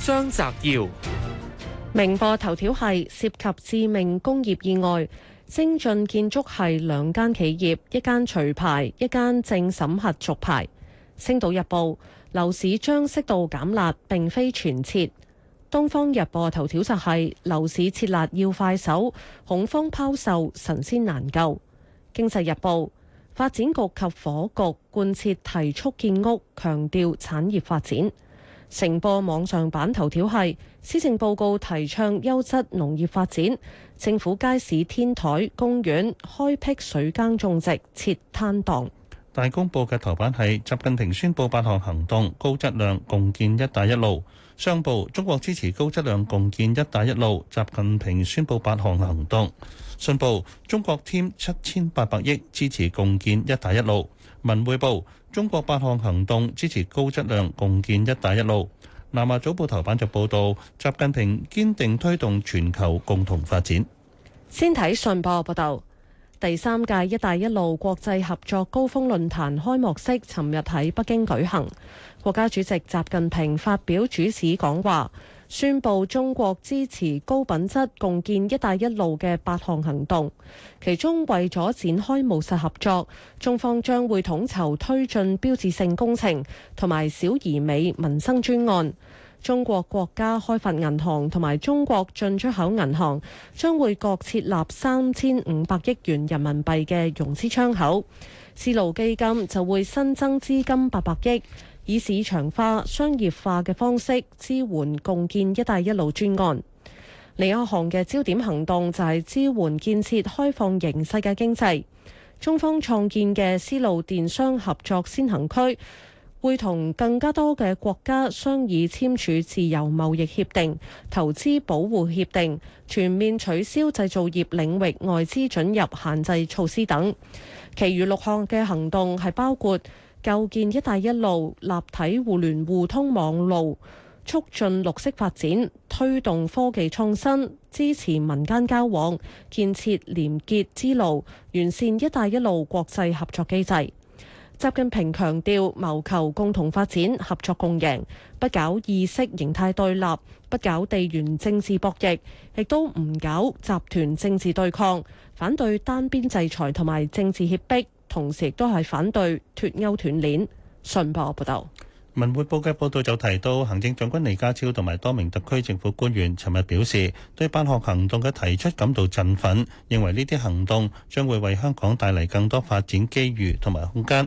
張澤堯，明報頭條係涉及致命工業意外。精進建築係兩間企業，一間除牌，一間正審核續牌。星島日報樓市將適度減辣，並非全撤。東方日報頭條就係樓市撤辣要快手，恐慌拋售神仙難救。經濟日報發展局及火局貫徹提速建屋，強調產業，業發展。成報網上版頭條係施政報告提倡優質農業發展，政府街市天台公園開闢水耕種植，設攤檔。大公報嘅頭版係習近平宣布八項行動，高質量共建一帶一路。商報中國支持高質量共建一帶一路，習近平宣布八項行動。信報中國添七千八百億支持共建一帶一路。文匯報：中國八項行動支持高質量共建“一帶一路”。南亞早報頭版就報道，習近平堅定推動全球共同發展。先睇信報報道，第三屆“一帶一路”國際合作高峰論壇開幕式尋日喺北京舉行，國家主席習近平發表主旨講話。宣布中國支持高品質共建“一帶一路”嘅八項行動，其中為咗展開務實合作，中方將會統籌推進標誌性工程同埋小而美民生專案。中國國家開發銀行同埋中國進出口銀行將會各設立三千五百億元人民幣嘅融資窗口，絲路基金就會新增資金八百億。以市場化、商業化嘅方式支援共建「一帶一路」專案。另一項嘅焦點行動就係支援建設開放型世界經濟，中方創建嘅絲路電商合作先行區會同更加多嘅國家商議簽署自由貿易協定、投資保護協定，全面取消製造業領域外資准入限制措施等。其餘六項嘅行動係包括。構建一帶一路立體互聯互通網路，促進綠色發展，推動科技創新，支持民間交往，建設廉潔之路，完善一帶一路國際合作機制。習近平強調，謀求共同發展、合作共贏，不搞意識形態對立，不搞地緣政治博弈，亦都唔搞集團政治對抗，反對單邊制裁同埋政治脅迫。同時都係反對脫歐斷鏈。信報報道，文匯報嘅報道就提到，行政長官李家超同埋多名特區政府官員尋日表示，對辦學行動嘅提出感到振奮，認為呢啲行動將會為香港帶嚟更多發展機遇同埋空間。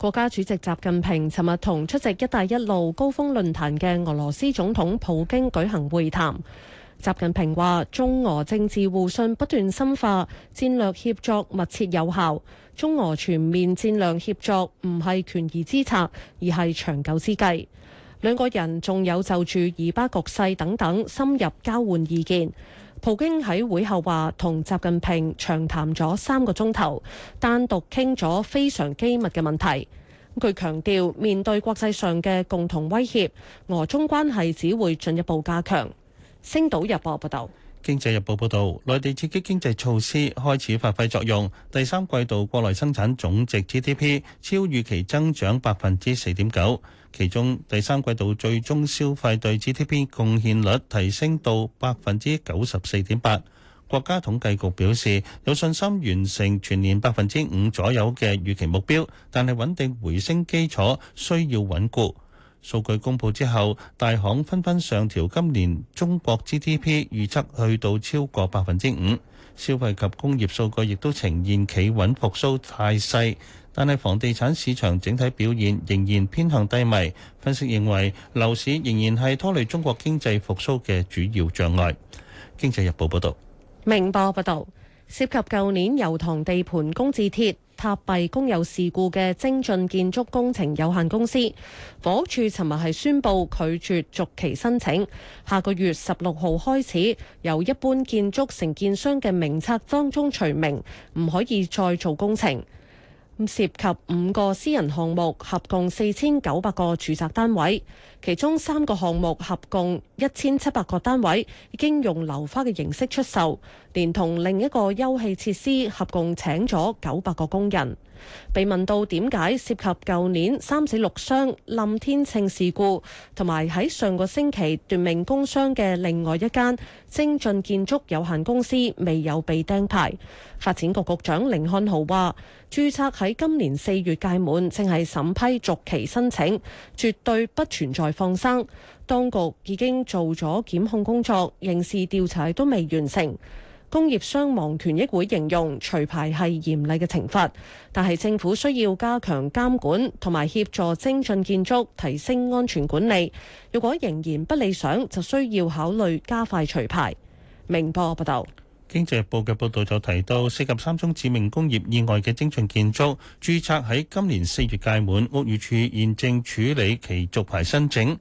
國家主席習近平尋日同出席一帶一路高峰論壇嘅俄羅斯總統普京舉行會談。習近平話：中俄政治互信不斷深化，戰略協作密切有效。中俄全面戰略協作唔係權宜之策，而係長久之計。兩個人仲有就住以巴局勢等等深入交換意見。普京喺會後話，同習近平長談咗三個鐘頭，單獨傾咗非常機密嘅問題。據強調，面對國際上嘅共同威脅，俄中關係只會進一步加強。星島日報報道。經濟日報報道，內地刺激經濟措施開始發揮作用，第三季度國內生產總值 GDP 超預期增長百分之四點九，其中第三季度最終消費對 GDP 貢獻率提升到百分之九十四點八。國家統計局表示，有信心完成全年百分之五左右嘅預期目標，但係穩定回升基礎需要穩固。數據公布之後，大行紛紛上調今年中國 GDP 預測，去到超過百分之五。消費及工業數據亦都呈現企穩復甦態勢，但係房地產市場整體表現仍然偏向低迷。分析認為，樓市仍然係拖累中國經濟復甦嘅主要障礙。經濟日報報導，明報報導涉及舊年油塘地盤工字鐵，塌斃工友事故嘅精進建築工程有限公司，房屋署尋日係宣布拒絕續期申請，下個月十六號開始由一般建築承建商嘅名冊當中除名，唔可以再做工程。涉及五個私人項目，合共四千九百個住宅單位，其中三個項目合共一千七百個單位已經用樓花嘅形式出售，連同另一個休憩設施合共請咗九百個工人。被問到點解涉及舊年三死六傷冧天秤事故，同埋喺上個星期奪命工傷嘅另外一間精進建築有限公司未有被釘牌，發展局局長甯漢豪話：註冊喺今年四月屆滿，正係審批續期申請，絕對不存在放生。當局已經做咗檢控工作，刑事調查都未完成。工業傷亡權益會形容除牌係嚴厲嘅懲罰，但係政府需要加強監管同埋協助精進建築，提升安全管理。如果仍然不理想，就需要考慮加快除牌。明報報、啊、道。經濟日報嘅報導就提到，四十三宗致命工業意外嘅精進建築註冊喺今年四月屆滿，屋宇處現正處理其續牌申請。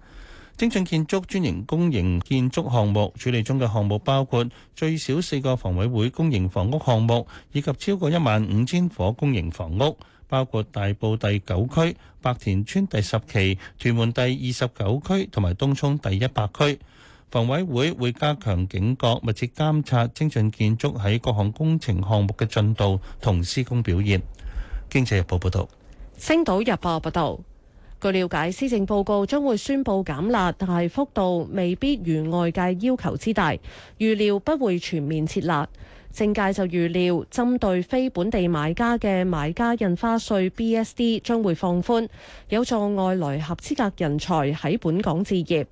精進建築專營公營建築項目，處理中嘅項目包括最少四個房委會公營房屋項目，以及超過一萬五千伙公營房屋，包括大埔第九區、白田村第十期、屯門第二十九區同埋東涌第一百區。房委會會加強警覺、密切監察精進建築喺各項工程項目嘅進度同施工表現。經濟日報報道。星島日報報道。據了解，施政報告將會宣布減辣，但係幅度未必如外界要求之大。預料不會全面撤辣，政界就預料，針對非本地買家嘅買家印花稅 BSD 將會放寬，有助外來合資格人才喺本港置業。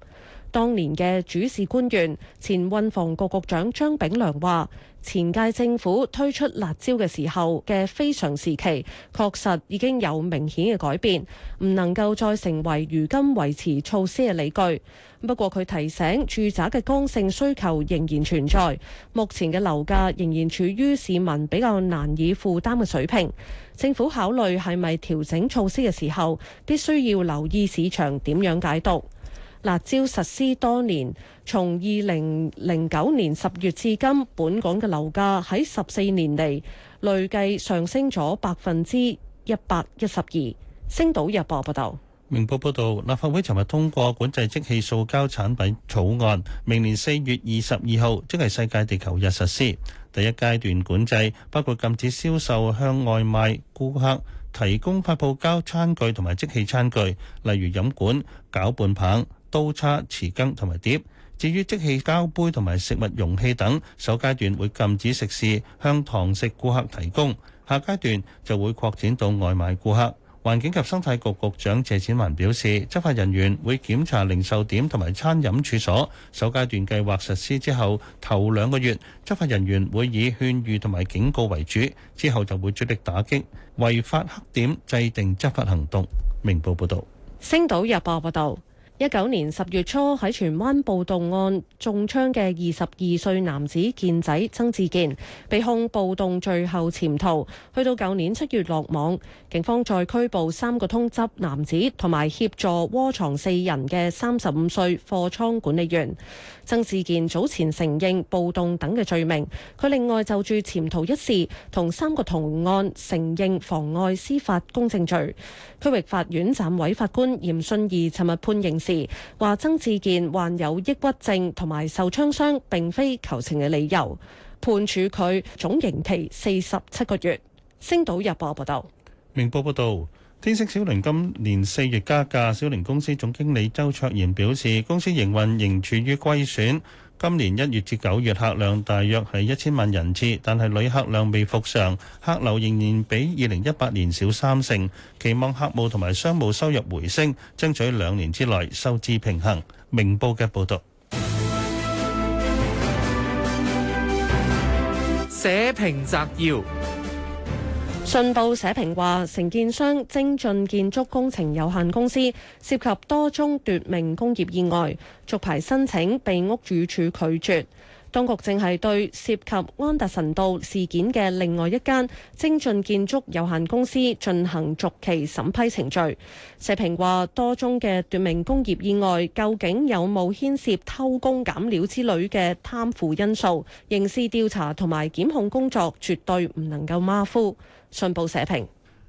當年嘅主事官員、前運房局局長張炳良話。前屆政府推出辣招嘅時候嘅非常時期，確實已經有明顯嘅改變，唔能夠再成為如今維持措施嘅理據。不過佢提醒，住宅嘅剛性需求仍然存在，目前嘅樓價仍然處於市民比較難以負擔嘅水平。政府考慮係咪調整措施嘅時候，必須要留意市場點樣解讀。辣椒實施多年，從二零零九年十月至今，本港嘅樓價喺十四年嚟累計上升咗百分之一百一十二。星島日報報道。明報報道，立法會尋日通過管制即棄塑膠產品草案，明年四月二十二號，即係世界地球日實施第一階段管制，包括禁止銷售向外賣顧客提供發泡膠餐具同埋即棄餐具，例如飲管、攪拌棒。刀叉、匙羹同埋碟，至於即棄膠杯同埋食物容器等，首階段會禁止食肆向堂食顧客提供。下階段就會擴展到外賣顧客。環境及生態局局長謝展寰表示，執法人員會檢查零售點同埋餐飲處所。首階段計劃實施之後，頭兩個月執法人員會以勸喻同埋警告為主，之後就會致力打擊違法黑點，制定執法行動。明報報道。星島日報報道。一九年十月初喺荃灣暴動案中槍嘅二十二歲男子健仔曾志健，被控暴動最後潛逃，到去到舊年七月落網。警方再拘捕三個通緝男子同埋協助窩藏四人嘅三十五歲貨倉管理員。曾志健早前承認暴動等嘅罪名，佢另外就住潛逃一事同三個同案承認妨礙司法公正罪。區域法院暫委法官嚴信義尋日判刑時話，曾志健患有抑鬱症同埋受槍傷，並非求情嘅理由，判處佢總刑期四十七個月。星島日報報道，明報報道。天星小輪今年四月加價，小輪公司總經理周卓賢表示，公司營運仍處於虧損。今年一月至九月客量大約係一千萬人次，但係旅客量未復常，客流仍然比二零一八年少三成。期望客戶同埋商務收入回升，爭取兩年之內收支平衡。明報嘅報道，社評摘要。信報社評話，承建商精進建築工程有限公司涉及多宗奪命工業意外，續牌申請被屋宇署拒絕。當局正係對涉及安達臣道事件嘅另外一間精進建築有限公司進行逐期審批程序。社評話：多宗嘅奪命工業意外，究竟有冇牽涉偷工減料之類嘅貪腐因素？刑事調查同埋檢控工作絕對唔能夠馬虎。信報社評。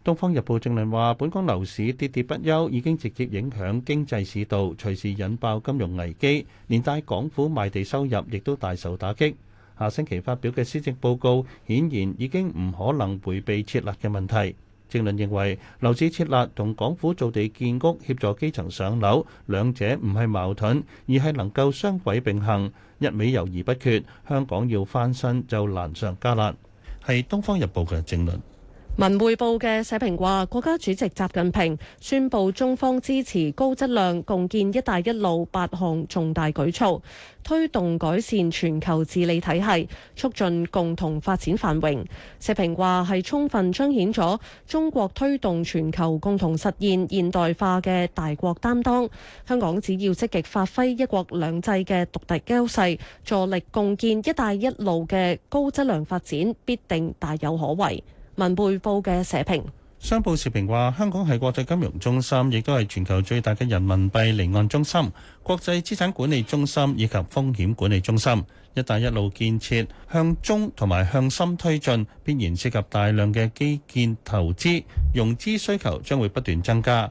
《東方日報》正論話：本港樓市跌跌不休，已經直接影響經濟市道，隨時引爆金融危機，連帶港府賣地收入亦都大受打擊。下星期發表嘅施政報告，顯然已經唔可能迴避設立嘅問題。正論認為，樓市設立同港府造地建屋協助基層上樓，兩者唔係矛盾，而係能夠雙軌並行，一味猶豫不決，香港要翻身就難上加難。係《東方日報》嘅正論。文匯報嘅社評話，國家主席習近平宣布，中方支持高質量共建“一帶一路”八項重大舉措，推動改善全球治理體系，促進共同發展繁榮。社評話係充分彰顯咗中國推動全球共同實現現代化嘅大國擔當。香港只要積極發揮一國兩制嘅獨特優勢，助力共建“一帶一路”嘅高質量發展，必定大有可為。文匯報嘅社評商報社評話,香港係國際金融中心,亦都係全球最大嘅人民幣離岸中心,國際資產管理中心,以及風險管理中心。一帶一路建設向中同埋向深推進,必然涉及大量嘅基建投資,融資需求將會不斷增加。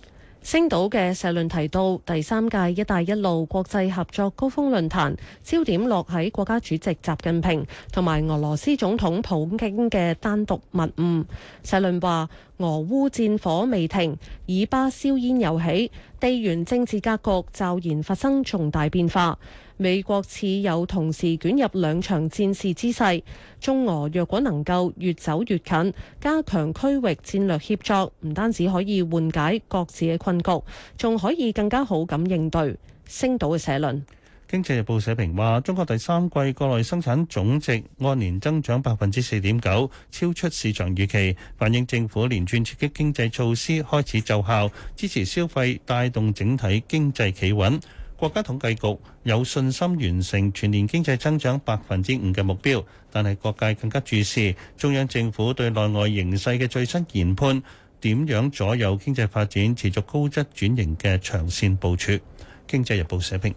星島嘅社論提到，第三屆“一帶一路”國際合作高峰論壇焦點落喺國家主席習近平同埋俄羅斯總統普京嘅單獨會晤。社論話，俄烏戰火未停，以巴硝煙又起，地緣政治格局驟然發生重大變化。美國似有同時捲入兩場戰事之勢。中俄若果能夠越走越近，加強區域戰略協作，唔單止可以緩解各自嘅困局，仲可以更加好咁應對星島嘅社論。經濟日報社評話，中國第三季國內生產總值按年增長百分之四點九，超出市場預期，反映政府連串刺激經濟措施開始奏效，支持消費帶動整體經濟企穩。國家統計局有信心完成全年經濟增長百分之五嘅目標，但係各界更加注視中央政府對內外形勢嘅最新研判，點樣左右經濟發展持續高質轉型嘅長線部署？經濟日報社評。